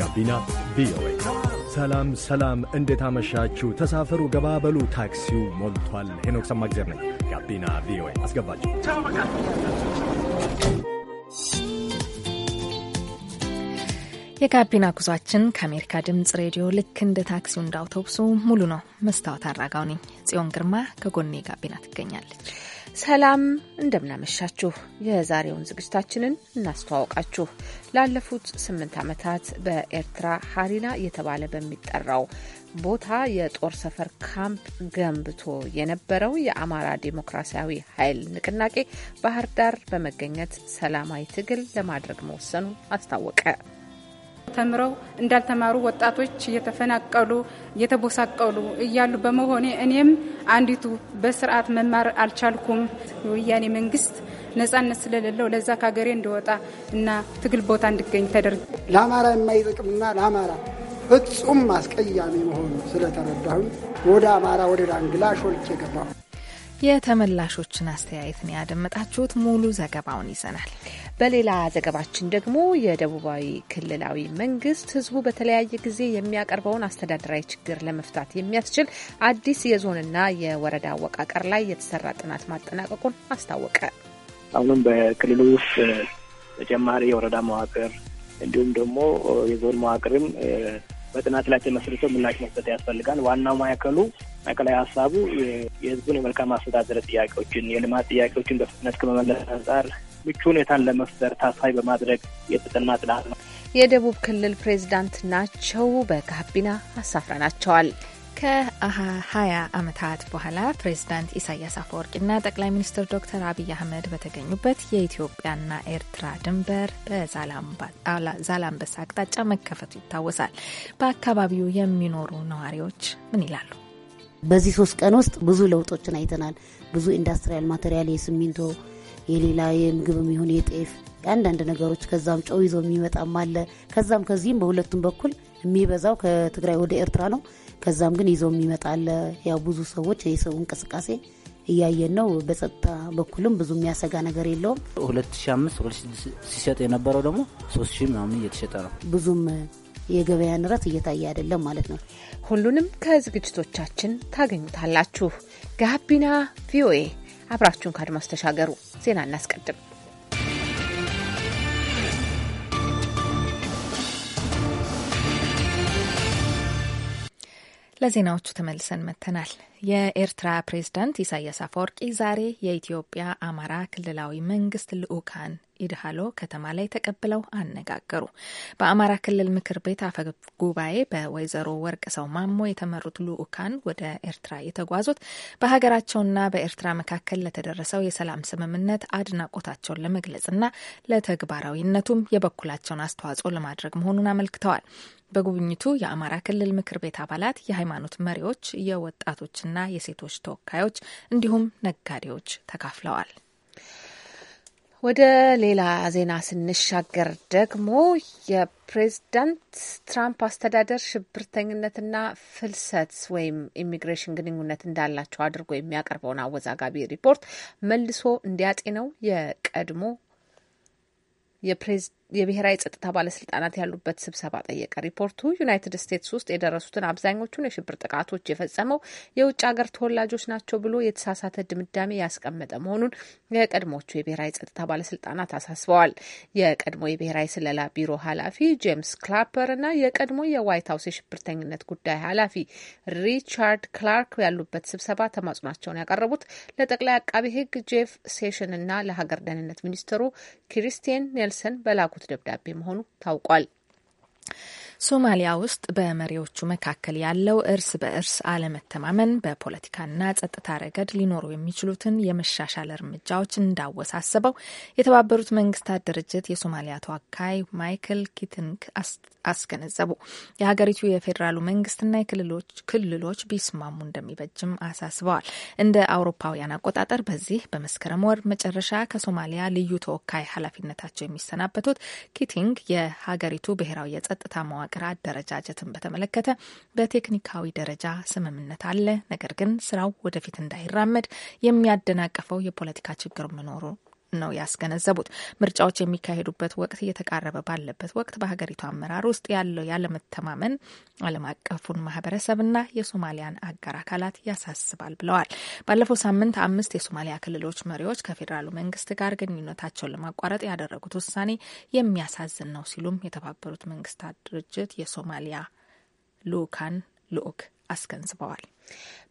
ጋቢና ቪኦኤ። ሰላም ሰላም፣ እንዴት አመሻችሁ? ተሳፈሩ፣ ገባበሉ፣ ታክሲው ሞልቷል። ሄኖክ ሰማግዜር ነኝ። ጋቢና ቪኦኤ አስገባችሁ። የጋቢና ጉዟችን ከአሜሪካ ድምፅ ሬዲዮ ልክ እንደ ታክሲው እንደ አውቶቡሱ ሙሉ ነው። መስታወት አድራጋው ነኝ። ጽዮን ግርማ ከጎኔ ጋቢና ትገኛለች። ሰላም እንደምናመሻችሁ። የዛሬውን ዝግጅታችንን እናስተዋውቃችሁ። ላለፉት ስምንት ዓመታት በኤርትራ ሀሪና እየተባለ በሚጠራው ቦታ የጦር ሰፈር ካምፕ ገንብቶ የነበረው የአማራ ዴሞክራሲያዊ ኃይል ንቅናቄ ባህር ዳር በመገኘት ሰላማዊ ትግል ለማድረግ መወሰኑ አስታወቀ። ተምረው እንዳልተማሩ ወጣቶች እየተፈናቀሉ እየተቦሳቀሉ እያሉ በመሆኔ እኔም አንዲቱ በስርዓት መማር አልቻልኩም። የወያኔ መንግስት ነጻነት ስለሌለው ለዛ ከሀገሬ እንደወጣ እና ትግል ቦታ እንድገኝ ተደርግ ለአማራ የማይጠቅምና ለአማራ ፍጹም አስቀያሚ መሆኑ ስለተረዳሁኝ ወደ አማራ ወደ ዳንግላ ሾልክ ገባሁ። የተመላሾችን አስተያየትን ያደመጣችሁት። ሙሉ ዘገባውን ይዘናል። በሌላ ዘገባችን ደግሞ የደቡባዊ ክልላዊ መንግስት ህዝቡ በተለያየ ጊዜ የሚያቀርበውን አስተዳደራዊ ችግር ለመፍታት የሚያስችል አዲስ የዞንና የወረዳ አወቃቀር ላይ የተሰራ ጥናት ማጠናቀቁን አስታወቀ። አሁንም በክልሉ ውስጥ ተጨማሪ የወረዳ መዋቅር እንዲሁም ደግሞ የዞን መዋቅርም በጥናት ላይ ተመስርቶ ምላሽ መስጠት ያስፈልጋል። ዋናው ማዕከሉ ማዕከላዊ ሀሳቡ የህዝቡን የመልካም አስተዳደር ጥያቄዎችን፣ የልማት ጥያቄዎችን በፍጥነት ከመመለስ አንጻር ምቹ ሁኔታን ለመፍጠር ታሳይ በማድረግ የተጠና ጥናት ነው። የደቡብ ክልል ፕሬዝዳንት ናቸው። በካቢና አሳፍረናቸዋል። ከ20 ዓመታት በኋላ ፕሬዚዳንት ኢሳያስ አፈወርቂና ጠቅላይ ሚኒስትር ዶክተር አብይ አህመድ በተገኙበት የኢትዮጵያና ኤርትራ ድንበር በዛላምበሳ አቅጣጫ መከፈቱ ይታወሳል። በአካባቢው የሚኖሩ ነዋሪዎች ምን ይላሉ? በዚህ ሶስት ቀን ውስጥ ብዙ ለውጦችን አይተናል። ብዙ ኢንዱስትሪያል ማቴሪያል፣ የሲሚንቶ፣ የሌላ የምግብ የሚሆን የጤፍ አንዳንድ ነገሮች ከዛም ጨው ይዞ የሚመጣም አለ። ከዛም ከዚህም በሁለቱም በኩል የሚበዛው ከትግራይ ወደ ኤርትራ ነው ከዛም ግን ይዞ የሚመጣለ ያው ብዙ ሰዎች የሰው እንቅስቃሴ እያየን ነው። በጸጥታ በኩልም ብዙ የሚያሰጋ ነገር የለውም። 2005 2006 ሲሸጥ የነበረው ደግሞ 3 ሺህ ምናምን እየተሸጠ ነው። ብዙም የገበያ ንረት እየታየ አይደለም ማለት ነው። ሁሉንም ከዝግጅቶቻችን ታገኙታላችሁ። ጋቢና ቪኦኤ አብራችሁን ከአድማስ ተሻገሩ። ዜና እናስቀድም። ለዜናዎቹ ተመልሰን መጥተናል። የኤርትራ ፕሬዝዳንት ኢሳያስ አፈወርቂ ዛሬ የኢትዮጵያ አማራ ክልላዊ መንግስት ልዑካን ኢድሃሎ ከተማ ላይ ተቀብለው አነጋገሩ። በአማራ ክልል ምክር ቤት አፈ ጉባኤ በወይዘሮ ወርቅ ሰው ማሞ የተመሩት ልኡካን ወደ ኤርትራ የተጓዙት በሀገራቸውና በኤርትራ መካከል ለተደረሰው የሰላም ስምምነት አድናቆታቸውን ለመግለጽና ለተግባራዊነቱም የበኩላቸውን አስተዋጽኦ ለማድረግ መሆኑን አመልክተዋል። በጉብኝቱ የአማራ ክልል ምክር ቤት አባላት፣ የሃይማኖት መሪዎች፣ የወጣቶችና የሴቶች ተወካዮች እንዲሁም ነጋዴዎች ተካፍለዋል። ወደ ሌላ ዜና ስንሻገር ደግሞ የፕሬዝዳንት ትራምፕ አስተዳደር ሽብርተኝነትና ፍልሰት ወይም ኢሚግሬሽን ግንኙነት እንዳላቸው አድርጎ የሚያቀርበውን አወዛጋቢ ሪፖርት መልሶ እንዲያጤነው የቀድሞ የፕሬዝዳንት የብሔራዊ ጸጥታ ባለስልጣናት ያሉበት ስብሰባ ጠየቀ። ሪፖርቱ ዩናይትድ ስቴትስ ውስጥ የደረሱትን አብዛኞቹን የሽብር ጥቃቶች የፈጸመው የውጭ ሀገር ተወላጆች ናቸው ብሎ የተሳሳተ ድምዳሜ ያስቀመጠ መሆኑን የቀድሞቹ የብሔራዊ ጸጥታ ባለስልጣናት አሳስበዋል። የቀድሞ የብሔራዊ ስለላ ቢሮ ኃላፊ ጄምስ ክላፐር እና የቀድሞ የዋይት ሀውስ የሽብርተኝነት ጉዳይ ኃላፊ ሪቻርድ ክላርክ ያሉበት ስብሰባ ተማጽኗቸውን ያቀረቡት ለጠቅላይ አቃቢ ሕግ ጄፍ ሴሽን እና ለሀገር ደህንነት ሚኒስትሩ ክሪስቲን ኔልሰን በላኩት በጻፉት ደብዳቤ መሆኑ ታውቋል። ሶማሊያ ውስጥ በመሪዎቹ መካከል ያለው እርስ በእርስ አለመተማመን በፖለቲካና ጸጥታ ረገድ ሊኖሩ የሚችሉትን የመሻሻል እርምጃዎች እንዳወሳሰበው የተባበሩት መንግስታት ድርጅት የሶማሊያ ተወካይ ማይክል ኪትንክ አስገነዘቡ። የሀገሪቱ የፌዴራሉ መንግስትና ክልሎች ቢስማሙ እንደሚበጅም አሳስበዋል። እንደ አውሮፓውያን አቆጣጠር በዚህ በመስከረም ወር መጨረሻ ከሶማሊያ ልዩ ተወካይ ኃላፊነታቸው የሚሰናበቱት ኪቲንግ የሀገሪቱ ብሔራዊ የጸጥታ መዋቅ የአገር አደረጃጀትን በተመለከተ በቴክኒካዊ ደረጃ ስምምነት አለ። ነገር ግን ስራው ወደፊት እንዳይራመድ የሚያደናቀፈው የፖለቲካ ችግር መኖሩ ነው ያስገነዘቡት። ምርጫዎች የሚካሄዱበት ወቅት እየተቃረበ ባለበት ወቅት በሀገሪቱ አመራር ውስጥ ያለው ያለመተማመን ዓለም አቀፉን ማህበረሰብና የሶማሊያን አጋር አካላት ያሳስባል ብለዋል። ባለፈው ሳምንት አምስት የሶማሊያ ክልሎች መሪዎች ከፌዴራሉ መንግስት ጋር ግንኙነታቸውን ለማቋረጥ ያደረጉት ውሳኔ የሚያሳዝን ነው ሲሉም የተባበሩት መንግስታት ድርጅት የሶማሊያ ልኡካን ልኡክ አስገንዝበዋል።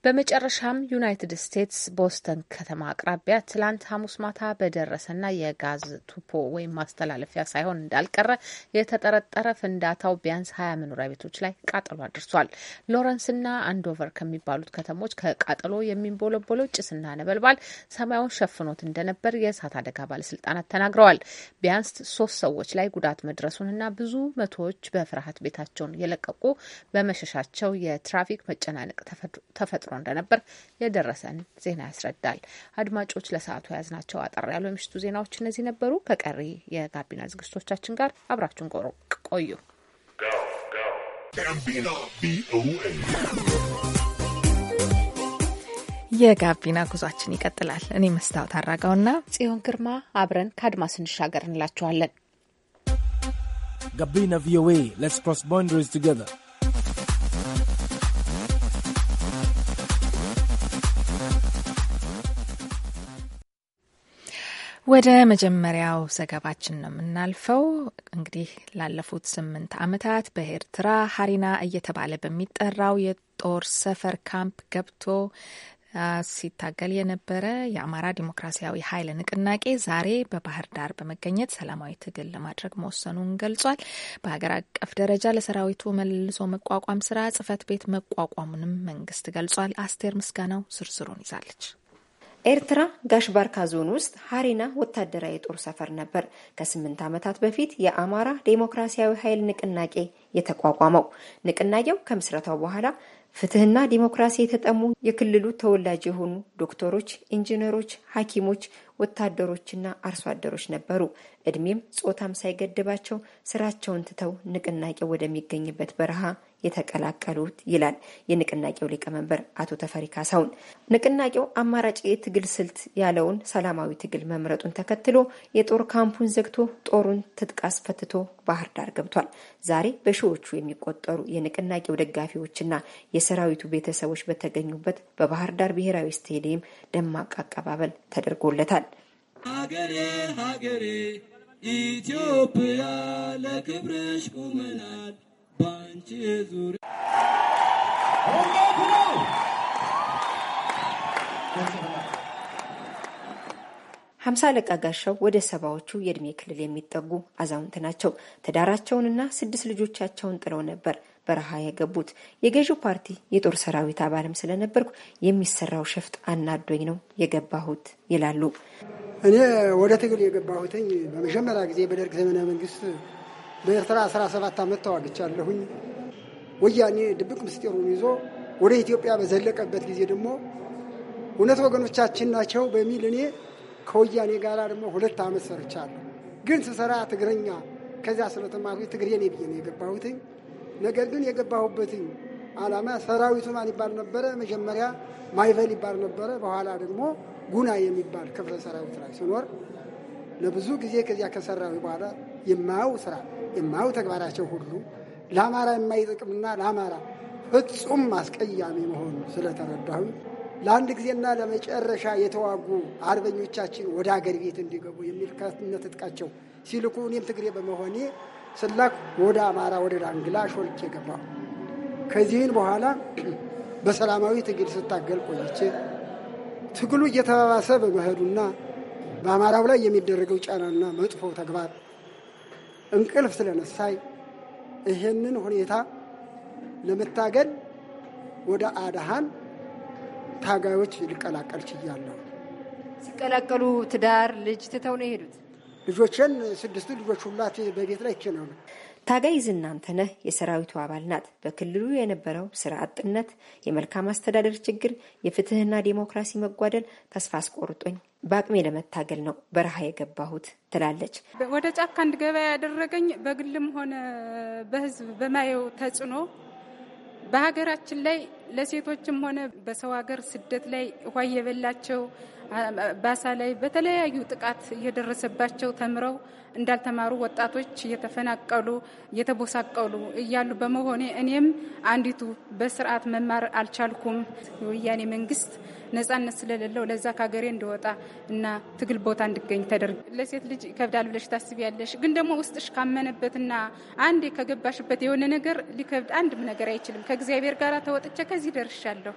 በመጨረሻም ዩናይትድ ስቴትስ ቦስተን ከተማ አቅራቢያ ትላንት ሐሙስ ማታ በደረሰና የጋዝ ቱፖ ወይም ማስተላለፊያ ሳይሆን እንዳልቀረ የተጠረጠረ ፍንዳታው ቢያንስ ሀያ መኖሪያ ቤቶች ላይ ቃጠሎ አድርሷል። ሎረንስና አንዶቨር ከሚባሉት ከተሞች ከቃጠሎ የሚንቦለቦለው ጭስና ነበልባል ሰማዩን ሸፍኖት እንደነበር የእሳት አደጋ ባለስልጣናት ተናግረዋል። ቢያንስ ሶስት ሰዎች ላይ ጉዳት መድረሱንና ብዙ መቶዎች በፍርሃት ቤታቸውን የለቀቁ በመሸሻቸው የትራፊክ መጨናነቅ ተፈጥሮ እንደነበር የደረሰን ዜና ያስረዳል። አድማጮች፣ ለሰዓቱ የያዝናቸው አጠር ያሉ የምሽቱ ዜናዎች እነዚህ ነበሩ። ከቀሪ የጋቢና ዝግጅቶቻችን ጋር አብራችሁን ቆዩ። የጋቢና ጉዟችን ይቀጥላል። እኔ መስታወት አራጋውና ጽዮን ግርማ አብረን ከአድማስ እንሻገር እንላችኋለን። ጋቢና ቪኦኤ ሌትስ ክሮስ ባውንደሪስ ቱጌዘር ወደ መጀመሪያው ዘገባችን ነው የምናልፈው። እንግዲህ ላለፉት ስምንት ዓመታት በኤርትራ ሀሪና እየተባለ በሚጠራው የጦር ሰፈር ካምፕ ገብቶ ሲታገል የነበረ የአማራ ዲሞክራሲያዊ ኃይል ንቅናቄ ዛሬ በባህር ዳር በመገኘት ሰላማዊ ትግል ለማድረግ መወሰኑን ገልጿል። በሀገር አቀፍ ደረጃ ለሰራዊቱ መልሶ መቋቋም ስራ ጽህፈት ቤት መቋቋሙንም መንግስት ገልጿል። አስቴር ምስጋናው ዝርዝሩን ይዛለች። ኤርትራ ጋሽባርካ ዞን ውስጥ ሀሬና ወታደራዊ የጦር ሰፈር ነበር ከስምንት ዓመታት በፊት የአማራ ዴሞክራሲያዊ ኃይል ንቅናቄ የተቋቋመው። ንቅናቄው ከምስረታው በኋላ ፍትህና ዲሞክራሲ የተጠሙ የክልሉ ተወላጅ የሆኑ ዶክተሮች፣ ኢንጂነሮች፣ ሐኪሞች፣ ወታደሮችና አርሶ አደሮች ነበሩ። እድሜም ጾታም ሳይገድባቸው ስራቸውን ትተው ንቅናቄ ወደሚገኝበት በረሃ የተቀላቀሉት ይላል የንቅናቄው ሊቀመንበር አቶ ተፈሪ ካሳሁን። ንቅናቄው አማራጭ የትግል ስልት ያለውን ሰላማዊ ትግል መምረጡን ተከትሎ የጦር ካምፑን ዘግቶ ጦሩን ትጥቅ አስፈትቶ ባህር ዳር ገብቷል። ዛሬ በሺዎቹ የሚቆጠሩ የንቅናቄው ደጋፊዎችና የሰራዊቱ ቤተሰቦች በተገኙበት በባህር ዳር ብሔራዊ ስቴዲየም ደማቅ አቀባበል ተደርጎለታል። ሀገሬ ሀገሬ ኢትዮጵያ ለክብርሽ ቁመናል በአንቺ ዙሪያ ሀምሳ አለቃ ጋሻው ወደ ሰባዎቹ የእድሜ ክልል የሚጠጉ አዛውንት ናቸው። ትዳራቸውንና ስድስት ልጆቻቸውን ጥለው ነበር በረሃ የገቡት። የገዢው ፓርቲ የጦር ሰራዊት አባልም ስለነበርኩ የሚሰራው ሸፍጥ አናዶኝ ነው የገባሁት ይላሉ። እኔ ወደ ትግል የገባሁትኝ በመጀመሪያ ጊዜ በደርግ ዘመነ መንግስት በኤርትራ 17 ዓመት ተዋግቻለሁኝ። ወያኔ ድብቅ ምስጢሩን ይዞ ወደ ኢትዮጵያ በዘለቀበት ጊዜ ደግሞ እውነት ወገኖቻችን ናቸው በሚል እኔ ከወያኔ ጋር ደግሞ ሁለት ዓመት ሰርቻለሁ። ግን ስሰራ ትግረኛ ከዚያ ስለተማርኩ ትግሬ ነኝ ብዬ ነው የገባሁትኝ። ነገር ግን የገባሁበትኝ ዓላማ ሰራዊቱ ማን ይባል ነበረ? መጀመሪያ ማይቨል ይባል ነበረ። በኋላ ደግሞ ጉና የሚባል ክፍለ ሰራዊት ላይ ስኖር ለብዙ ጊዜ ከዚያ ከሰራዊ በኋላ የማየው ስራ የማየው ተግባራቸው ሁሉ ለአማራ የማይጠቅምና ለአማራ ፍጹም አስቀያሚ መሆኑ ስለተረዳሁ ለአንድ ጊዜና ለመጨረሻ የተዋጉ አርበኞቻችን ወደ አገር ቤት እንዲገቡ የሚል ከፍነት እጥቃቸው ሲልኩ እኔም ትግሬ በመሆኔ ስላክ ወደ አማራ ወደ ዳንግላ ሾልክ የገባሁ። ከዚህን በኋላ በሰላማዊ ትግል ስታገል ቆይቼ ትግሉ እየተባባሰ በመሄዱና በአማራው ላይ የሚደረገው ጫናና መጥፎ ተግባር እንቅልፍ ስለነሳይ ይሄንን ሁኔታ ለመታገል ወደ አድሃን ታጋዮች ሊቀላቀል ችያለሁ። ሲቀላቀሉ ትዳር ልጅ ትተው ነው የሄዱት። ልጆችን ስድስቱ ልጆች ሁላት በቤት ላይ ይችላሉ። ታጋይ ዝናንተነህ የሰራዊቱ አባል ናት። በክልሉ የነበረው ስራ አጥነት፣ የመልካም አስተዳደር ችግር፣ የፍትህና ዴሞክራሲ መጓደል ተስፋ አስቆርጦኝ በአቅሜ ለመታገል ነው በረሃ የገባሁት ትላለች። ወደ ጫካ እንድገባ ያደረገኝ በግልም ሆነ በህዝብ በማየው ተጽዕኖ በሀገራችን ላይ ለሴቶችም ሆነ በሰው ሀገር ስደት ላይ ውሃ የበላቸው ባሳ ላይ በተለያዩ ጥቃት እየደረሰባቸው ተምረው እንዳልተማሩ ወጣቶች እየተፈናቀሉ እየተቦሳቀሉ እያሉ በመሆኔ እኔም አንዲቱ በስርዓት መማር አልቻልኩም። የወያኔ መንግስት ነጻነት ስለሌለው ለዛ ከሀገሬ እንደወጣ እና ትግል ቦታ እንድገኝ ተደርግ። ለሴት ልጅ ይከብዳል ብለሽ ታስቢያለሽ፣ ግን ደግሞ ውስጥሽ ካመነበትና አንዴ ከገባሽበት የሆነ ነገር ሊከብድ አንድም ነገር አይችልም። ከእግዚአብሔር ጋር ተወጥቼ ከዚህ ደርሻለሁ።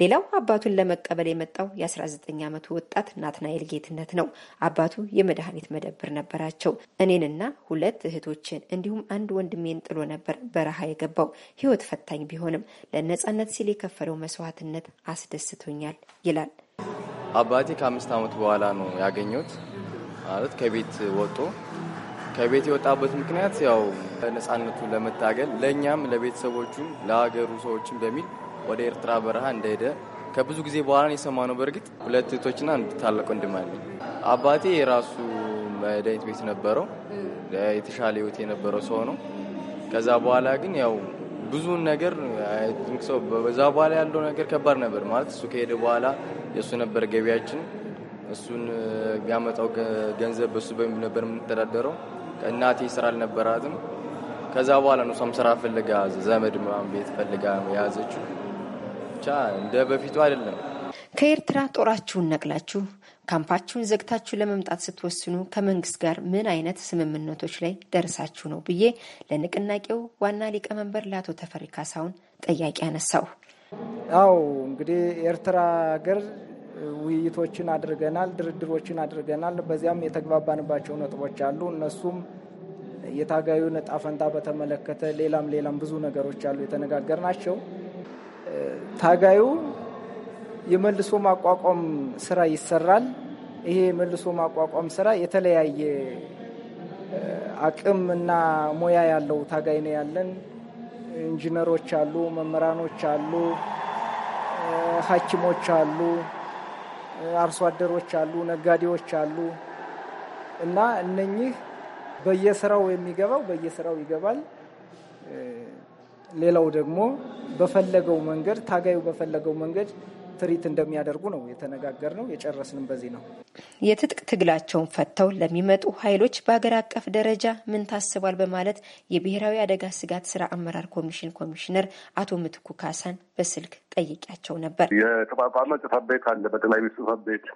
ሌላው አባቱን ለመቀበል የመጣው የ19 ዓመቱ ወጣት ናትናኤል ጌትነት ነው። አባቱ የመድኃኒት መደብር ነበራቸው። እኔንና ሁለት እህቶችን እንዲሁም አንድ ወንድሜን ጥሎ ነበር በረሃ የገባው። ህይወት ፈታኝ ቢሆንም ለነጻነት ሲል የከፈለው መስዋዕትነት አስደስቶኛል ይላል። አባቴ ከአምስት ዓመት በኋላ ነው ያገኘሁት። ማለት ከቤት ወጦ ከቤት የወጣበት ምክንያት ያው ነጻነቱ ለመታገል ለእኛም ለቤተሰቦቹም ለሀገሩ ሰዎችም በሚል ወደ ኤርትራ በረሃ እንደሄደ ከብዙ ጊዜ በኋላ የሰማ ነው። በእርግጥ ሁለት እህቶችና አንድ ታላቅ ወንድም አለ። አባቴ የራሱ መድኃኒት ቤት ነበረው። የተሻለ ህይወት የነበረው ሰው ነው። ከዛ በኋላ ግን ያው ብዙውን ነገር ሰው በዛ በኋላ ያለው ነገር ከባድ ነበር ማለት እሱ ከሄደ በኋላ የእሱ ነበር ገቢያችን። እሱን ያመጣው ገንዘብ በእሱ ነበር የምንተዳደረው። እናቴ ስራ አልነበራትም። ከዛ በኋላ ነው እሷም ስራ ፈልጋ ዘመድ ቤት ፈልጋ የያዘችው። ብቻ እንደ በፊቱ አይደለም። ከኤርትራ ጦራችሁን ነቅላችሁ ካምፓችሁን ዘግታችሁ ለመምጣት ስትወስኑ ከመንግስት ጋር ምን አይነት ስምምነቶች ላይ ደርሳችሁ ነው ብዬ ለንቅናቄው ዋና ሊቀመንበር ለአቶ ተፈሪ ካሳሁን ጥያቄ አነሳው። አው እንግዲህ ኤርትራ ሀገር ውይይቶችን አድርገናል፣ ድርድሮችን አድርገናል። በዚያም የተግባባንባቸው ነጥቦች አሉ። እነሱም የታጋዩን እጣ ፈንታ በተመለከተ ሌላም ሌላም ብዙ ነገሮች አሉ የተነጋገር ናቸው። ታጋዩ የመልሶ ማቋቋም ስራ ይሰራል። ይሄ የመልሶ ማቋቋም ስራ የተለያየ አቅም እና ሙያ ያለው ታጋይ ነው ያለን። ኢንጂነሮች አሉ፣ መምህራኖች አሉ፣ ሐኪሞች አሉ፣ አርሶ አደሮች አሉ፣ ነጋዴዎች አሉ እና እነኚህ በየስራው የሚገባው በየስራው ይገባል። ሌላው ደግሞ በፈለገው መንገድ ታጋዩ በፈለገው መንገድ ትሪት እንደሚያደርጉ ነው የተነጋገር ነው። የጨረስንም በዚህ ነው። የትጥቅ ትግላቸውን ፈተው ለሚመጡ ኃይሎች በሀገር አቀፍ ደረጃ ምን ታስቧል በማለት የብሔራዊ አደጋ ስጋት ስራ አመራር ኮሚሽን ኮሚሽነር አቶ ምትኩ ካሳን በስልክ ጠይቂያቸው ነበር። የተቋቋመ ጽሕፈት ቤት አለ። በጠቅላይ ሚኒስትር ጽሕፈት ቤት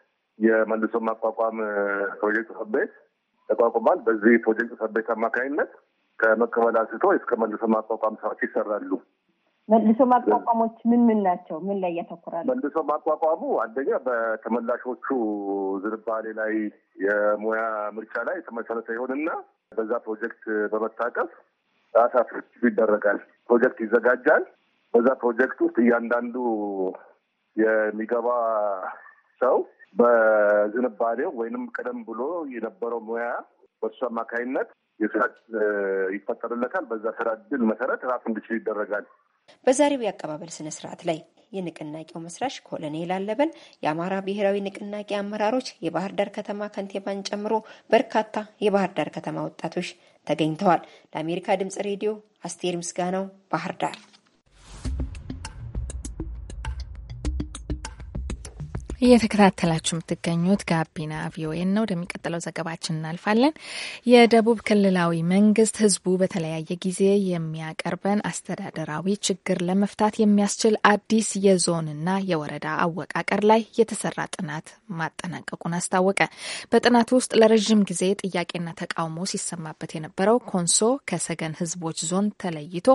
የመልሶ ማቋቋም ፕሮጀክት ጽሕፈት ቤት ተቋቁሟል። በዚህ ፕሮጀክት ጽሕፈት ቤት አማካኝነት ከመቀበል አንስቶ እስከ መልሶ ማቋቋም ስራዎች ይሰራሉ። መልሶ ማቋቋሞች ምን ምን ናቸው? ምን ላይ ያተኩራሉ? መልሶ ማቋቋሙ አንደኛ በተመላሾቹ ዝንባሌ ላይ የሙያ ምርጫ ላይ የተመሰረተ ይሆንና በዛ ፕሮጀክት በመታቀፍ ራሳቶች ይደረጋል። ፕሮጀክት ይዘጋጃል። በዛ ፕሮጀክት ውስጥ እያንዳንዱ የሚገባ ሰው በዝንባሌው ወይንም ቀደም ብሎ የነበረው ሙያ በሱ አማካኝነት የስራ ይፈጠርለታል። በዛ ስራ እድል መሰረት ራሱ እንዲችል ይደረጋል። በዛሬው የአቀባበል ስነ ስርዓት ላይ የንቅናቄው መስራች ኮሎኔል አለበል፣ የአማራ ብሔራዊ ንቅናቄ አመራሮች፣ የባህር ዳር ከተማ ከንቲባን ጨምሮ በርካታ የባህር ዳር ከተማ ወጣቶች ተገኝተዋል። ለአሜሪካ ድምጽ ሬዲዮ አስቴር ምስጋናው ባህር ዳር። እየተከታተላችሁ የምትገኙት ጋቢና ቪኦኤ ነው። ወደሚቀጥለው ዘገባችን እናልፋለን። የደቡብ ክልላዊ መንግስት ህዝቡ በተለያየ ጊዜ የሚያቀርበን አስተዳደራዊ ችግር ለመፍታት የሚያስችል አዲስ የዞንና የወረዳ አወቃቀር ላይ የተሰራ ጥናት ማጠናቀቁን አስታወቀ። በጥናቱ ውስጥ ለረዥም ጊዜ ጥያቄና ተቃውሞ ሲሰማበት የነበረው ኮንሶ ከሰገን ህዝቦች ዞን ተለይቶ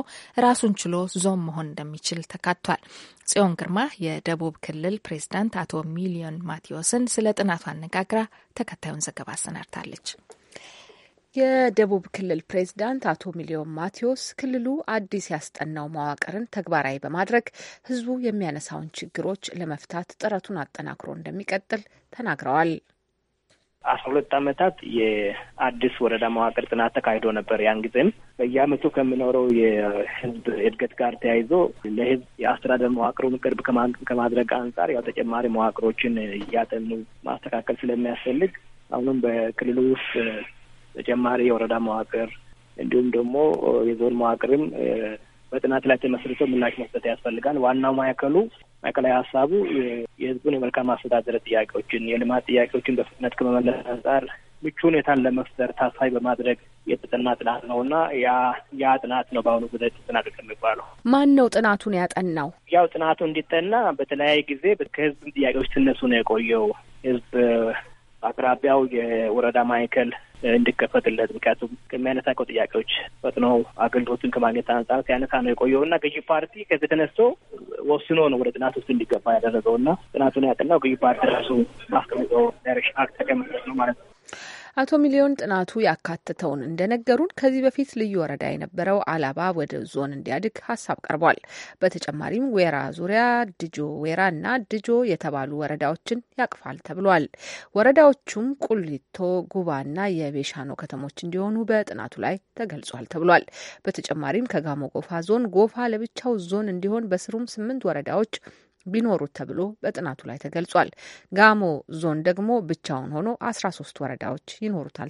ራሱን ችሎ ዞን መሆን እንደሚችል ተካቷል። ጽዮን ግርማ የደቡብ ክልል ፕሬዚዳንት አቶ ሚሊዮን ማቴዎስን ስለ ጥናቱ አነጋግራ ተከታዩን ዘገባ አሰናድታለች። የደቡብ ክልል ፕሬዝዳንት አቶ ሚሊዮን ማቴዎስ ክልሉ አዲስ ያስጠናው መዋቅርን ተግባራዊ በማድረግ ህዝቡ የሚያነሳውን ችግሮች ለመፍታት ጥረቱን አጠናክሮ እንደሚቀጥል ተናግረዋል። አስራ ሁለት አመታት የአዲስ ወረዳ መዋቅር ጥናት ተካሂዶ ነበር። ያን ጊዜም በየአመቱ ከምኖረው የህዝብ እድገት ጋር ተያይዞ ለህዝብ የአስተዳደር መዋቅሩን ቅርብ ከማድረግ አንጻር ያው ተጨማሪ መዋቅሮችን እያጠኑ ማስተካከል ስለሚያስፈልግ አሁንም በክልሉ ውስጥ ተጨማሪ የወረዳ መዋቅር እንዲሁም ደግሞ የዞን መዋቅርም በጥናት ላይ ተመስርቶ ምላሽ መስጠት ያስፈልጋል። ዋናው ማዕከሉ ማዕከላዊ ሀሳቡ የህዝቡን የመልካም አስተዳደር ጥያቄዎችን፣ የልማት ጥያቄዎችን በፍጥነት ከመመለስ አንጻር ምቹ ሁኔታን ለመፍጠር ታሳቢ በማድረግ የተጠና ጥናት ነው እና ያ ያ ጥናት ነው በአሁኑ ጊዜ ተጠናቀቅ የሚባለው። ማን ነው ጥናቱን ያጠናው? ያው ጥናቱ እንዲጠና በተለያየ ጊዜ ከህዝብ ጥያቄዎች ትነሱ ነው የቆየው ህዝብ አቅራቢያው የወረዳ ማዕከል እንዲከፈትለት ምክንያቱም ከሚያነሳቀው ጥያቄዎች ፈጥኖ አገልግሎቱን ከማግኘት አንጻር ሲያነሳ ነው የቆየው እና ገዢ ፓርቲ ከዚህ ተነስቶ ወስኖ ነው ወደ ጥናት ውስጥ እንዲገባ ያደረገው እና ጥናቱን ያጠናው ገዢ ፓርቲ ራሱ ማስቀምጠው ዳይሬክሽን አክት ተቀምጠት ነው ማለት ነው። አቶ ሚሊዮን ጥናቱ ያካተተውን እንደነገሩን ከዚህ በፊት ልዩ ወረዳ የነበረው አላባ ወደ ዞን እንዲያድግ ሀሳብ ቀርቧል። በተጨማሪም ዌራ ዙሪያ፣ ድጆ ዌራ እና ድጆ የተባሉ ወረዳዎችን ያቅፋል ተብሏል። ወረዳዎቹም ቁሊቶ፣ ጉባና የቤሻኖ ከተሞች እንዲሆኑ በጥናቱ ላይ ተገልጿል ተብሏል። በተጨማሪም ከጋሞ ጎፋ ዞን ጎፋ ለብቻው ዞን እንዲሆን በስሩም ስምንት ወረዳዎች ቢኖሩት ተብሎ በጥናቱ ላይ ተገልጿል። ጋሞ ዞን ደግሞ ብቻውን ሆኖ 13 ወረዳዎች ይኖሩታል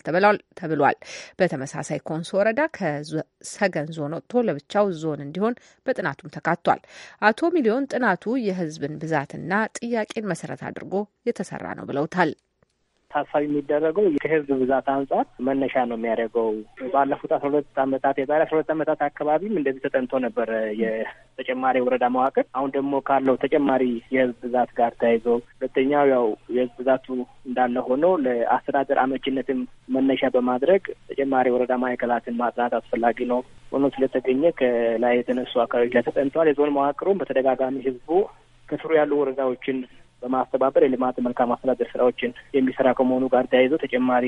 ተብሏል። በተመሳሳይ ኮንሶ ወረዳ ከሰገን ዞን ወጥቶ ለብቻው ዞን እንዲሆን በጥናቱም ተካቷል። አቶ ሚሊዮን ጥናቱ የህዝብን ብዛትና ጥያቄን መሰረት አድርጎ የተሰራ ነው ብለውታል። ታሳቢ የሚደረገው ከህዝብ ብዛት አንጻር መነሻ ነው የሚያደርገው። ባለፉት አስራ ሁለት አመታት የዛሬ አስራ ሁለት አመታት አካባቢም እንደዚህ ተጠንቶ ነበረ የተጨማሪ ወረዳ መዋቅር። አሁን ደግሞ ካለው ተጨማሪ የህዝብ ብዛት ጋር ተያይዞ ሁለተኛው ያው የህዝብ ብዛቱ እንዳለ ሆኖ ለአስተዳደር አመችነትም መነሻ በማድረግ ተጨማሪ ወረዳ ማዕከላትን ማጽናት አስፈላጊ ነው ሆኖ ስለተገኘ ከላይ የተነሱ አካባቢዎች ላይ ተጠንተዋል። የዞን መዋቅሩም በተደጋጋሚ ህዝቡ ከስሩ ያሉ ወረዳዎችን በማስተባበር የልማት መልካም አስተዳደር ስራዎችን የሚሰራ ከመሆኑ ጋር ተያይዞ ተጨማሪ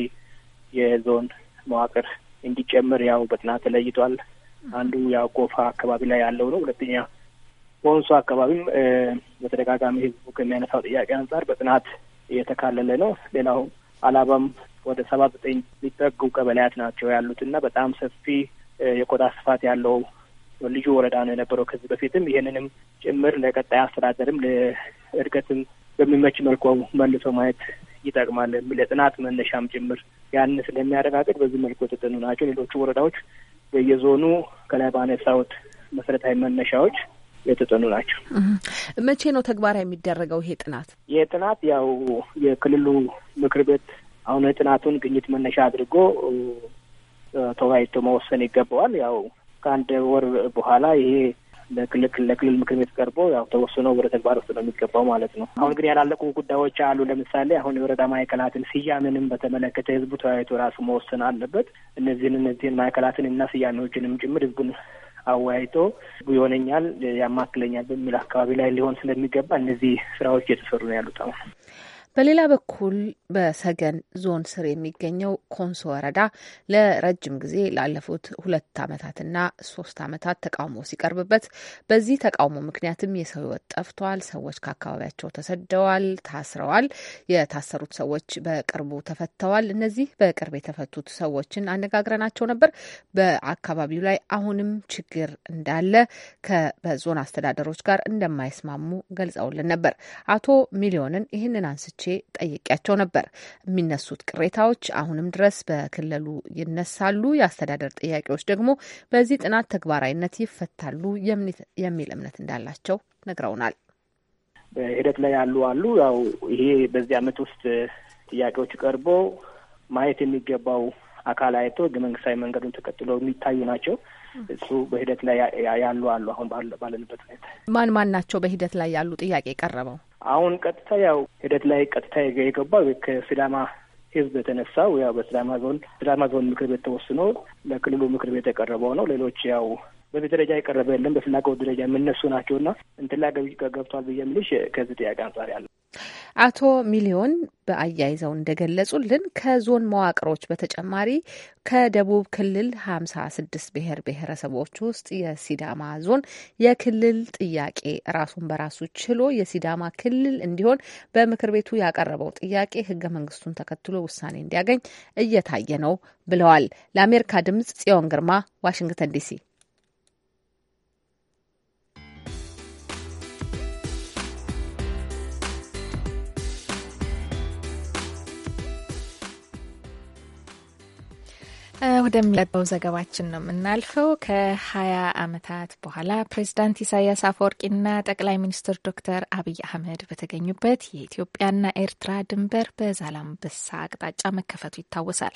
የዞን መዋቅር እንዲጨምር ያው በጥናት ተለይቷል። አንዱ ያው ጎፋ አካባቢ ላይ ያለው ነው። ሁለተኛ ወንሶ አካባቢም በተደጋጋሚ ህዝቡ ከሚያነሳው ጥያቄ አንጻር በጥናት እየተካለለ ነው። ሌላው አላባም ወደ ሰባ ዘጠኝ ሊጠጉ ቀበሌያት ናቸው ያሉት እና በጣም ሰፊ የቆዳ ስፋት ያለው ልዩ ወረዳ ነው የነበረው ከዚህ በፊትም ይህንንም ጭምር ለቀጣይ አስተዳደርም እድገትም በሚመች መልኩ መልሶ ማየት ይጠቅማል ለጥናት መነሻም ጭምር ያን ስለሚያረጋግጥ በዚህ መልኩ የተጠኑ ናቸው። ሌሎቹ ወረዳዎች በየዞኑ ከላይ ባነሳሁት መሰረታዊ መነሻዎች የተጠኑ ናቸው። መቼ ነው ተግባራዊ የሚደረገው ይሄ ጥናት? ይሄ ጥናት ያው የክልሉ ምክር ቤት አሁን የጥናቱን ግኝት መነሻ አድርጎ ተወያይቶ መወሰን ይገባዋል። ያው ከአንድ ወር በኋላ ይሄ ለክልል ምክር ቤት ቀርቦ ያው ተወስኖ ወደ ተግባር ውስጥ ነው የሚገባው ማለት ነው። አሁን ግን ያላለቁ ጉዳዮች አሉ። ለምሳሌ አሁን የወረዳ ማዕከላትን ስያሜንም በተመለከተ ህዝቡ ተወያይቶ ራሱ መወሰን አለበት። እነዚህን እነዚህን ማዕከላትን እና ስያሜዎችንም ጭምር ህዝቡን አወያይቶ ይሆነኛል፣ ያማክለኛል በሚል አካባቢ ላይ ሊሆን ስለሚገባ እነዚህ ስራዎች እየተሰሩ ነው ያሉት አሁን በሌላ በኩል በሰገን ዞን ስር የሚገኘው ኮንሶ ወረዳ ለረጅም ጊዜ ላለፉት ሁለት ዓመታትና ሶስት ዓመታት ተቃውሞ ሲቀርብበት በዚህ ተቃውሞ ምክንያትም የሰው ሕይወት ጠፍቷል። ሰዎች ከአካባቢያቸው ተሰደዋል፣ ታስረዋል። የታሰሩት ሰዎች በቅርቡ ተፈተዋል። እነዚህ በቅርብ የተፈቱት ሰዎችን አነጋግረናቸው ነበር። በአካባቢው ላይ አሁንም ችግር እንዳለ ከበዞን አስተዳደሮች ጋር እንደማይስማሙ ገልጸውልን ነበር። አቶ ሚሊዮንን ይህንን አንስቼ ጠይቂያቸው ነበር። የሚነሱት ቅሬታዎች አሁንም ድረስ በክልሉ ይነሳሉ። የአስተዳደር ጥያቄዎች ደግሞ በዚህ ጥናት ተግባራዊነት ይፈታሉ የሚል እምነት እንዳላቸው ነግረውናል። በሂደት ላይ ያሉ አሉ። ያው ይሄ በዚህ አመት ውስጥ ጥያቄዎች ቀርቦ ማየት የሚገባው አካል አይቶ ህገ መንግስታዊ መንገዱን ተቀጥሎ የሚታዩ ናቸው። እሱ በሂደት ላይ ያሉ አሉ። አሁን ባለንበት ሁኔታ ማን ማን ናቸው በሂደት ላይ ያሉ ጥያቄ የቀረበው አሁን ቀጥታ ያው ሂደት ላይ ቀጥታ የገባው ከሲዳማ ህዝብ የተነሳው ያው በሲዳማ ዞን ሲዳማ ዞን ምክር ቤት ተወስኖ ለክልሉ ምክር ቤት የቀረበው ነው። ሌሎች ያው በዚህ ደረጃ የቀረበ የለም። በፍላጎት ደረጃ የምነሱ ናቸው ናቸውና እንትን ላይ ገብቷል ብዬ የምልሽ ከዚህ ጥያቄ አንጻር ያለው አቶ ሚሊዮን በአያይዘው እንደገለጹልን ከዞን መዋቅሮች በተጨማሪ ከደቡብ ክልል ሀምሳ ስድስት ብሔር ብሔረሰቦች ውስጥ የሲዳማ ዞን የክልል ጥያቄ ራሱን በራሱ ችሎ የሲዳማ ክልል እንዲሆን በምክር ቤቱ ያቀረበው ጥያቄ ህገ መንግስቱን ተከትሎ ውሳኔ እንዲያገኝ እየታየ ነው ብለዋል። ለአሜሪካ ድምጽ ጽዮን ግርማ ዋሽንግተን ዲሲ ወደሚቀጥለው ዘገባችን ነው የምናልፈው። ከሀያ አመታት በኋላ ፕሬዚዳንት ኢሳያስ አፈወርቂና ጠቅላይ ሚኒስትር ዶክተር አብይ አህመድ በተገኙበት የኢትዮጵያና ኤርትራ ድንበር በዛላምበሳ አቅጣጫ መከፈቱ ይታወሳል።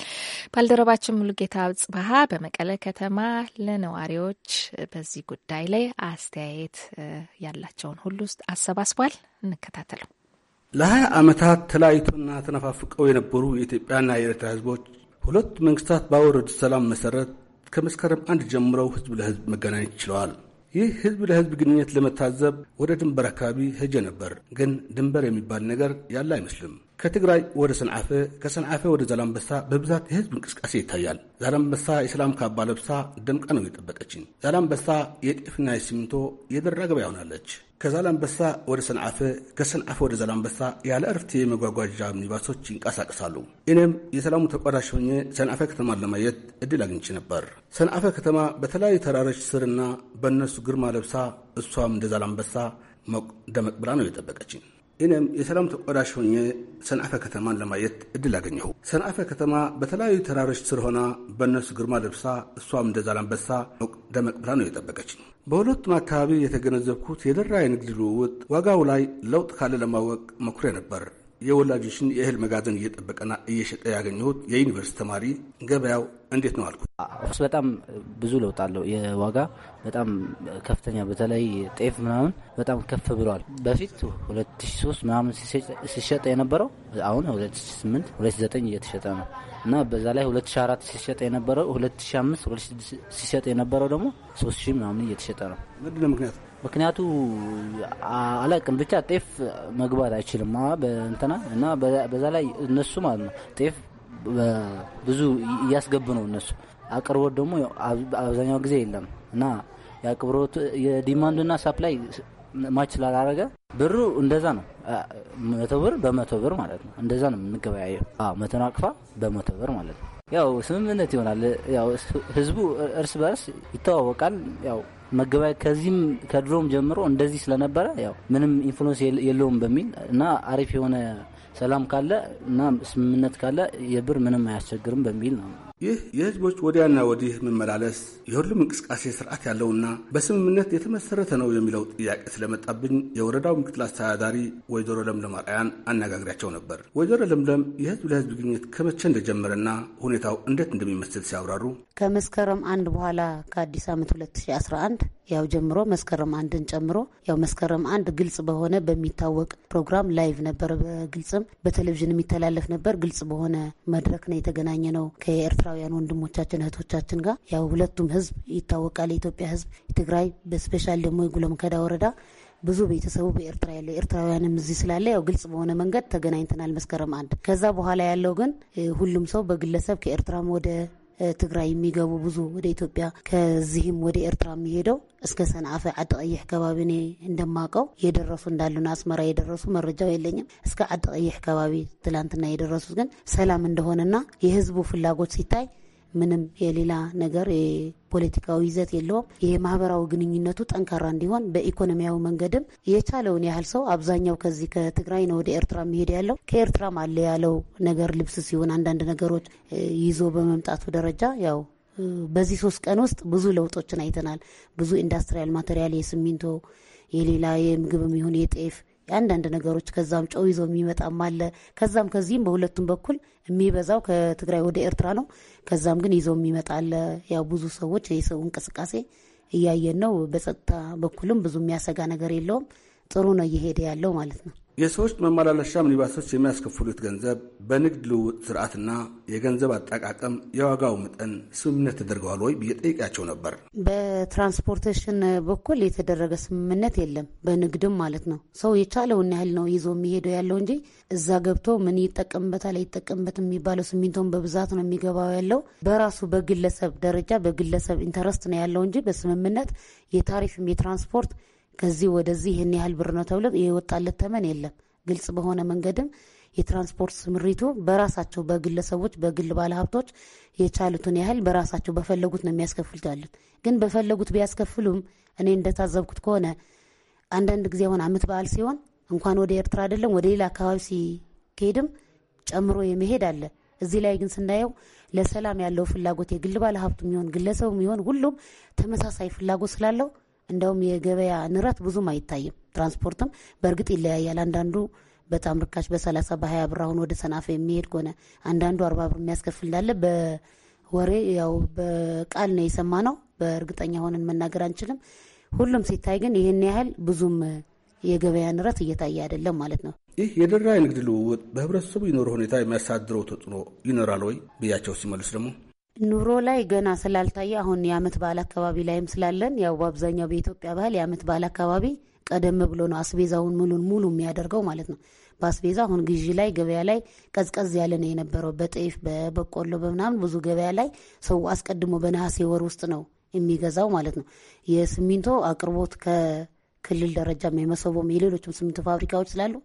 ባልደረባችን ሙሉጌታ ጽብሃ በመቀለ ከተማ ለነዋሪዎች በዚህ ጉዳይ ላይ አስተያየት ያላቸውን ሁሉ ውስጥ አሰባስቧል። እንከታተለው። ለሀያ አመታት ተለያይቶና ተነፋፍቀው የነበሩ የኢትዮጵያና የኤርትራ ህዝቦች ሁለት መንግስታት ባወረዱት ሰላም መሰረት ከመስከረም አንድ ጀምረው ህዝብ ለህዝብ መገናኘት ችለዋል። ይህ ህዝብ ለህዝብ ግንኙነት ለመታዘብ ወደ ድንበር አካባቢ ሄጀ ነበር። ግን ድንበር የሚባል ነገር ያለ አይመስልም። ከትግራይ ወደ ሰንዓፈ፣ ከሰንዓፈ ወደ ዛላምበሳ በብዛት የህዝብ እንቅስቃሴ ይታያል። ዛላምበሳ የሰላም ካባ ለብሳ ደምቃ ነው የጠበቀችን። ዛላምበሳ የጤፍና የሲሚንቶ የደራ ገበያ ሆናለች። ከዛላምበሳ ወደ ሰንዓፈ፣ ከሰንዓፈ ወደ ዛላምበሳ ያለ እረፍት የመጓጓዣ ሚኒባሶች ይንቀሳቀሳሉ። እኔም የሰላሙ ተቋዳሽ ሆኜ ሰንዓፈ ከተማን ለማየት እድል አግኝቼ ነበር። ሰንዓፈ ከተማ በተለያዩ ተራሮች ስርና በእነሱ ግርማ ለብሳ እሷም እንደ ዛላምበሳ ደመቅ ብላ ነው የጠበቀችን። እኔም የሰላም ተቋዳሽ ሆኜ ሰንአፈ ከተማን ለማየት እድል አገኘሁ። ሰንአፈ ከተማ በተለያዩ ተራሮች ስር ሆና በእነሱ ግርማ ለብሳ እሷም እንደ ዛላንበሳ ደመቅ ብላ ነው የጠበቀች። በሁለቱም አካባቢ የተገነዘብኩት የደራ የንግድ ልውውጥ ዋጋው ላይ ለውጥ ካለ ለማወቅ መኩሬ ነበር። የወላጆችን የእህል መጋዘን እየጠበቀና እየሸጠ ያገኘሁት የዩኒቨርስቲ ተማሪ ገበያው እንዴት ነው አልኩ ስ በጣም ብዙ ለውጥ አለው። የዋጋ በጣም ከፍተኛ በተለይ ጤፍ ምናምን በጣም ከፍ ብሏል። በፊት 2003 ምናምን ሲሸጥ የነበረው አሁን 2008 2009 እየተሸጠ ነው እና በዛ ላይ 2004 ሲሸጥ የነበረው 2005 2006 ሲሸጥ የነበረው ደግሞ 3000 ምናምን እየተሸጠ ነው። ምንድነው ምክንያቱ? ምክንያቱ አላቅም ብቻ ጤፍ መግባት አይችልም በእንትና እና በዛ ላይ እነሱ ማለት ነው ጤፍ ብዙ እያስገቡ ነው እነሱ አቅርቦት ደግሞ አብዛኛው ጊዜ የለም እና የአቅርቦት የዲማንዱና ሳፕላይ ማች ስላላረገ ብሩ እንደዛ ነው። መቶ ብር በመቶ ብር ማለት ነው እንደዛ ነው የምንገበያየው። አቅፋ በመቶ ብር ማለት ነው። ያው ስምምነት ይሆናል። ያው ህዝቡ እርስ በርስ ይተዋወቃል። ያው መገበያ ከዚህም ከድሮም ጀምሮ እንደዚህ ስለነበረ ያው ምንም ኢንፍሉንስ የለውም በሚል እና አሪፍ የሆነ ሰላም ካለ እና ስምምነት ካለ የብር ምንም አያስቸግርም በሚል ነው ይህ የህዝቦች ወዲያና ወዲህ መመላለስ የሁሉም እንቅስቃሴ ስርዓት ያለውና በስምምነት የተመሰረተ ነው የሚለው ጥያቄ ስለመጣብኝ የወረዳው ምክትል አስተዳዳሪ ወይዘሮ ለምለም አርያን አነጋግሪያቸው ነበር። ወይዘሮ ለምለም የህዝብ ለህዝብ ግኝት ከመቼ እንደጀመረና ሁኔታው እንዴት እንደሚመስል ሲያብራሩ ከመስከረም አንድ በኋላ ከአዲስ ዓመት 2011 ያው ጀምሮ መስከረም አንድን ጨምሮ ያው መስከረም አንድ ግልጽ በሆነ በሚታወቅ ፕሮግራም ላይቭ ነበር። በግልጽም በቴሌቪዥን የሚተላለፍ ነበር። ግልጽ በሆነ መድረክ ነው የተገናኘ ነው ከኤርትራ ኤርትራውያን ወንድሞቻችን እህቶቻችን ጋር ያው ሁለቱም ህዝብ ይታወቃል። የኢትዮጵያ ህዝብ የትግራይ በስፔሻል ደግሞ የጉለምከዳ ወረዳ ብዙ ቤተሰቡ በኤርትራ ያለው ኤርትራውያንም እዚህ ስላለ ያው ግልጽ በሆነ መንገድ ተገናኝተናል መስከረም አንድ። ከዛ በኋላ ያለው ግን ሁሉም ሰው በግለሰብ ከኤርትራም ወደ ትግራይ የሚገቡ ብዙ ወደ ኢትዮጵያ ከዚህም ወደ ኤርትራ የሚሄደው እስከ ሰንአፈ ዓዲ ቀይሕ ከባቢ እኔ እንደማቀው የደረሱ እንዳሉና አስመራ የደረሱ መረጃው የለኝም። እስከ ዓዲ ቀይሕ ከባቢ ትላንትና የደረሱት ግን ሰላም እንደሆነና የህዝቡ ፍላጎት ሲታይ ምንም የሌላ ነገር የፖለቲካዊ ይዘት የለውም። ይሄ ማህበራዊ ግንኙነቱ ጠንካራ እንዲሆን በኢኮኖሚያዊ መንገድም የቻለውን ያህል ሰው አብዛኛው ከዚህ ከትግራይ ነው ወደ ኤርትራ የሚሄድ ያለው ከኤርትራም አለ ያለው ነገር ልብስ ሲሆን አንዳንድ ነገሮች ይዞ በመምጣቱ ደረጃ ያው በዚህ ሶስት ቀን ውስጥ ብዙ ለውጦችን አይተናል። ብዙ ኢንዱስትሪያል ማቴሪያል የሲሚንቶ የሌላ የምግብም ይሁን የጤፍ አንዳንድ ነገሮች ከዛም ጨው ይዞ የሚመጣም አለ። ከዛም ከዚህም በሁለቱም በኩል የሚበዛው ከትግራይ ወደ ኤርትራ ነው። ከዛም ግን ይዞ የሚመጣ አለ። ያው ብዙ ሰዎች የሰው እንቅስቃሴ እያየን ነው። በጸጥታ በኩልም ብዙ የሚያሰጋ ነገር የለውም። ጥሩ ነው እየሄደ ያለው ማለት ነው። የሰዎች መመላለሻ ሚኒባሶች የሚያስከፍሉት ገንዘብ በንግድ ልውውጥ ስርዓትና የገንዘብ አጠቃቀም የዋጋው መጠን ስምምነት ተደርገዋል ወይ ብዬ ነበር። በትራንስፖርቴሽን በኩል የተደረገ ስምምነት የለም። በንግድም ማለት ነው። ሰው የቻለውን ያህል ነው ይዞ የሚሄደው ያለው እንጂ እዛ ገብቶ ምን ይጠቀምበታል አይጠቀምበት የሚባለው ሲሚንቶን በብዛት ነው የሚገባው ያለው። በራሱ በግለሰብ ደረጃ በግለሰብ ኢንተረስት ነው ያለው እንጂ በስምምነት የታሪፍም የትራንስፖርት ከዚህ ወደዚህ ይህን ያህል ብር ነው ተብሎ የወጣለት ተመን የለም። ግልጽ በሆነ መንገድም የትራንስፖርት ስምሪቱ በራሳቸው በግለሰቦች በግል ባለሀብቶች የቻሉትን ያህል በራሳቸው በፈለጉት ነው የሚያስከፍሉት ያሉት። ግን በፈለጉት ቢያስከፍሉም እኔ እንደታዘብኩት ከሆነ አንዳንድ ጊዜ አሁን አመት በዓል ሲሆን እንኳን ወደ ኤርትራ አይደለም ወደ ሌላ አካባቢ ሲሄድም ጨምሮ የመሄድ አለ። እዚህ ላይ ግን ስናየው ለሰላም ያለው ፍላጎት የግል ባለሀብቱ የሚሆን ግለሰቡ የሚሆን ሁሉም ተመሳሳይ ፍላጎት ስላለው እንደውም የገበያ ንረት ብዙም አይታይም። ትራንስፖርትም በእርግጥ ይለያያል። አንዳንዱ በጣም ርካሽ በሰላሳ በሀያ ብር አሁን ወደ ሰናፈ የሚሄድ ከሆነ አንዳንዱ አርባ ብር የሚያስከፍል እንዳለ በወሬ ያው በቃል ነው የሰማ ነው። በእርግጠኛ ሆነን መናገር አንችልም። ሁሉም ሲታይ ግን ይህን ያህል ብዙም የገበያ ንረት እየታየ አይደለም ማለት ነው። ይህ የደራ የንግድ ልውውጥ በህብረተሰቡ የኖረ ሁኔታ የሚያሳድረው ተጽዕኖ ይኖራል ወይ ብያቸው ሲመልስ ደግሞ ኑሮ ላይ ገና ስላልታየ አሁን የአመት በዓል አካባቢ ላይም ስላለን ያው በአብዛኛው በኢትዮጵያ ባህል የአመት በዓል አካባቢ ቀደም ብሎ ነው አስቤዛውን ሙሉን ሙሉ የሚያደርገው ማለት ነው። በአስቤዛ አሁን ግዢ ላይ ገበያ ላይ ቀዝቀዝ ያለ ነው የነበረው። በጤፍ በበቆሎ በምናምን ብዙ ገበያ ላይ ሰው አስቀድሞ በነሐሴ ወር ውስጥ ነው የሚገዛው ማለት ነው። የስሚንቶ አቅርቦት ከክልል ደረጃም የመሰቦም የሌሎችም ስሚንቶ ፋብሪካዎች ስላሉ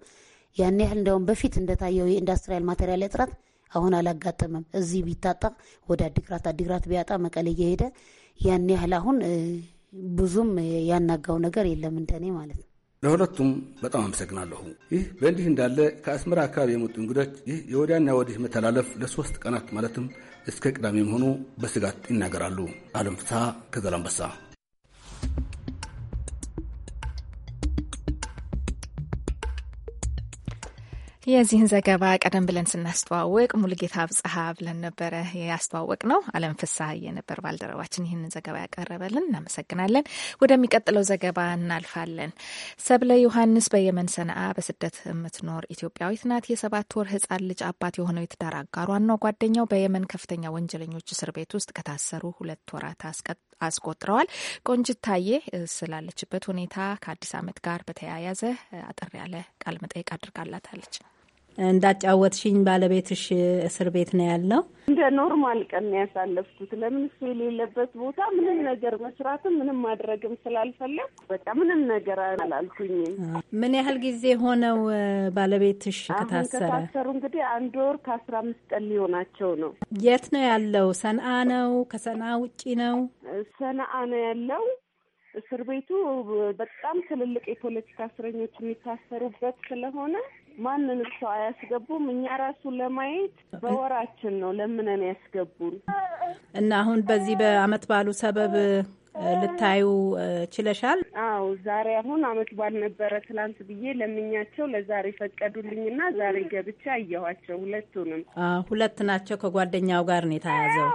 ያን ያህል እንደውም በፊት እንደታየው የኢንዱስትሪያል ማቴሪያል እጥረት አሁን አላጋጠመም። እዚህ ቢታጣ ወደ አዲግራት፣ አዲግራት ቢያጣ መቀለ እየሄደ ያን ያህል አሁን ብዙም ያናጋው ነገር የለም እንደኔ ማለት ነው። ለሁለቱም በጣም አመሰግናለሁ። ይህ በእንዲህ እንዳለ ከአስመራ አካባቢ የመጡ እንግዶች ይህ የወዲያና ወዲህ መተላለፍ ለሶስት ቀናት ማለትም እስከ ቅዳሜ መሆኑ በስጋት ይናገራሉ። አለም ፍስሐ ከዘላንበሳ የዚህን ዘገባ ቀደም ብለን ስናስተዋወቅ ሙሉጌታ አብጽሀ ብለን ነበረ ያስተዋወቅ ነው። አለም ፍስሀ የነበር ባልደረባችን ይህንን ዘገባ ያቀረበልን፣ እናመሰግናለን። ወደሚቀጥለው ዘገባ እናልፋለን። ሰብለ ዮሐንስ በየመን ሰነአ በስደት የምትኖር ኢትዮጵያዊት ናት። የሰባት ወር ህጻን ልጅ አባት የሆነው የትዳር አጋሯና ጓደኛው በየመን ከፍተኛ ወንጀለኞች እስር ቤት ውስጥ ከታሰሩ ሁለት ወራት አስቆጥረዋል። ቆንጅታዬ ስላለችበት ሁኔታ ከአዲስ ዓመት ጋር በተያያዘ አጠር ያለ ቃለ መጠይቅ አድርጋላታለች። እንዳጫወትሽኝ ባለቤትሽ እስር ቤት ነው ያለው። እንደ ኖርማል ቀን ያሳለፍኩት ለምን እሱ የሌለበት ቦታ ምንም ነገር መስራትም ምንም ማድረግም ስላልፈለግ በቃ ምንም ነገር አላልኩኝም። ምን ያህል ጊዜ ሆነው ባለቤትሽ ከታሰረ? ከታሰሩ እንግዲህ አንድ ወር ከአስራ አምስት ቀን ሊሆናቸው ነው። የት ነው ያለው? ሰንአ ነው? ከሰንአ ውጪ ነው? ሰንአ ነው ያለው። እስር ቤቱ በጣም ትልልቅ የፖለቲካ እስረኞች የሚታሰሩበት ስለሆነ ማንንም ሰው አያስገቡም። እኛ ራሱ ለማየት በወራችን ነው ለምነን ያስገቡን እና አሁን በዚህ በአመት ባሉ ሰበብ ልታዩ ችለሻል? አዎ ዛሬ አሁን አመት ባል ነበረ ትላንት ብዬ ለምኛቸው ለዛሬ ፈቀዱልኝና ዛሬ ገብቻ አየኋቸው። ሁለቱንም ሁለት ናቸው። ከጓደኛው ጋር ነው የተያዘው።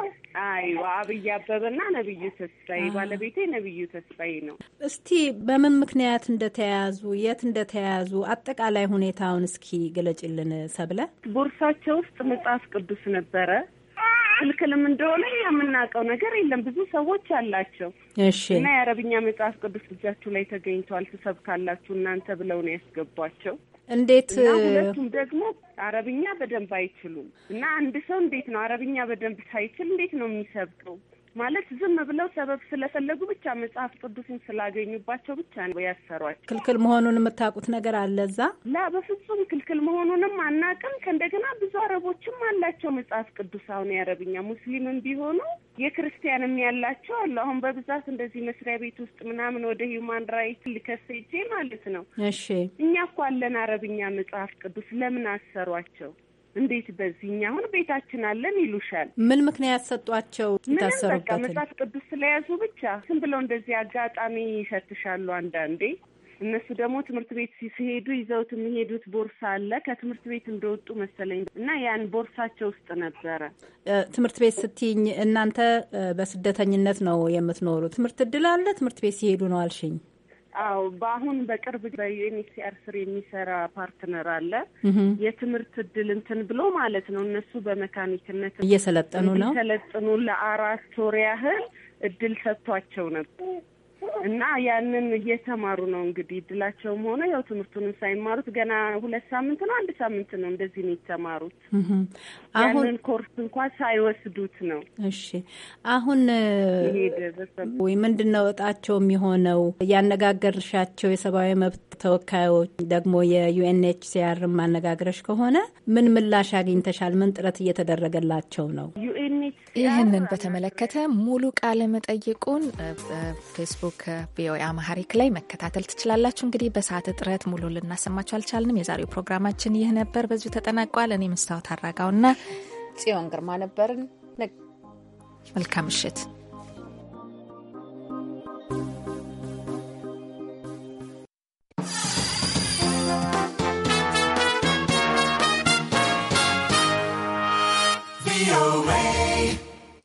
አይዋ አብይ አበበና ነብዩ ተስፋዬ ባለቤቴ ነብዩ ተስፋዬ ነው። እስቲ በምን ምክንያት እንደተያያዙ የት እንደተያያዙ አጠቃላይ ሁኔታውን እስኪ ገለጭልን ሰብለ። ቦርሳቸው ውስጥ መጽሐፍ ቅዱስ ነበረ። ክልክልም እንደሆነ የምናውቀው ነገር የለም። ብዙ ሰዎች አላቸው እና የአረብኛ መጽሐፍ ቅዱስ እጃችሁ ላይ ተገኝቷል ትሰብካላችሁ እናንተ ብለው ነው ያስገቧቸው። እንዴት ሁለቱም ደግሞ አረብኛ በደንብ አይችሉም እና አንድ ሰው እንዴት ነው አረብኛ በደንብ ሳይችል እንዴት ነው የሚሰብከው? ማለት ዝም ብለው ሰበብ ስለፈለጉ ብቻ መጽሐፍ ቅዱስን ስላገኙባቸው ብቻ ነው ያሰሯቸው። ክልክል መሆኑን የምታውቁት ነገር አለ እዛ? ላ በፍጹም ክልክል መሆኑንም አናቅም። ከእንደገና ብዙ አረቦችም አላቸው መጽሐፍ ቅዱስ አሁን የአረብኛ ሙስሊምም ቢሆኑ የክርስቲያንም ያላቸው አሉ። አሁን በብዛት እንደዚህ መስሪያ ቤት ውስጥ ምናምን ወደ ሂውማን ራይት ልከሰቼ ማለት ነው። እሺ እኛ እኮ አለን አረብኛ መጽሐፍ ቅዱስ ለምን አሰሯቸው? እንዴት በዚህኛ አሁን ቤታችን አለን ይሉሻል። ምን ምክንያት ሰጧቸው? የታሰሩበት መጽሐፍ ቅዱስ ስለያዙ ብቻ ዝም ብለው እንደዚህ አጋጣሚ ይፈትሻሉ አንዳንዴ እነሱ ደግሞ ትምህርት ቤት ሲሄዱ ይዘውት የሚሄዱት ቦርሳ አለ። ከትምህርት ቤት እንደወጡ መሰለኝ እና ያን ቦርሳቸው ውስጥ ነበረ። ትምህርት ቤት ስትኝ እናንተ በስደተኝነት ነው የምትኖሩ። ትምህርት እድል አለ። ትምህርት ቤት ሲሄዱ ነው አልሽኝ? አዎ በአሁን በቅርብ በዩኤንኤችሲአር ስር የሚሰራ ፓርትነር አለ። የትምህርት እድል እንትን ብሎ ማለት ነው እነሱ በመካኒክነት እየሰለጠኑ ነው። እየሰለጥኑ ለአራት ወር ያህል እድል ሰጥቷቸው ነበር። እና ያንን እየተማሩ ነው እንግዲህ እድላቸውም ሆነ ያው ትምህርቱንም ሳይማሩት ገና ሁለት ሳምንት ነው አንድ ሳምንት ነው እንደዚህ ነው የተማሩት። ያንን ኮርስ እንኳን ሳይወስዱት ነው። እሺ አሁን ወይ ምንድን ነው እጣቸው የሚሆነው? ያነጋገርሻቸው የሰብአዊ መብት ተወካዮች ደግሞ የዩኤንኤችሲአር ማነጋገረሽ ከሆነ ምን ምላሽ አግኝተሻል? ምን ጥረት እየተደረገላቸው ነው? ይህንን በተመለከተ ሙሉ ቃለ መጠይቁን ፌስቡክ ቪኦኤ አማሐሪክ ላይ መከታተል ትችላላችሁ። እንግዲህ በሰዓት እጥረት ሙሉ ልናሰማችሁ አልቻልንም። የዛሬው ፕሮግራማችን ይህ ነበር፣ በዚሁ ተጠናቋል። እኔ መስታወት አራጋውና ጽዮን ግርማ ነበርን። መልካም ምሽት።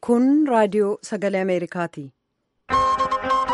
kun raadiyoo sagalee ameerikaati.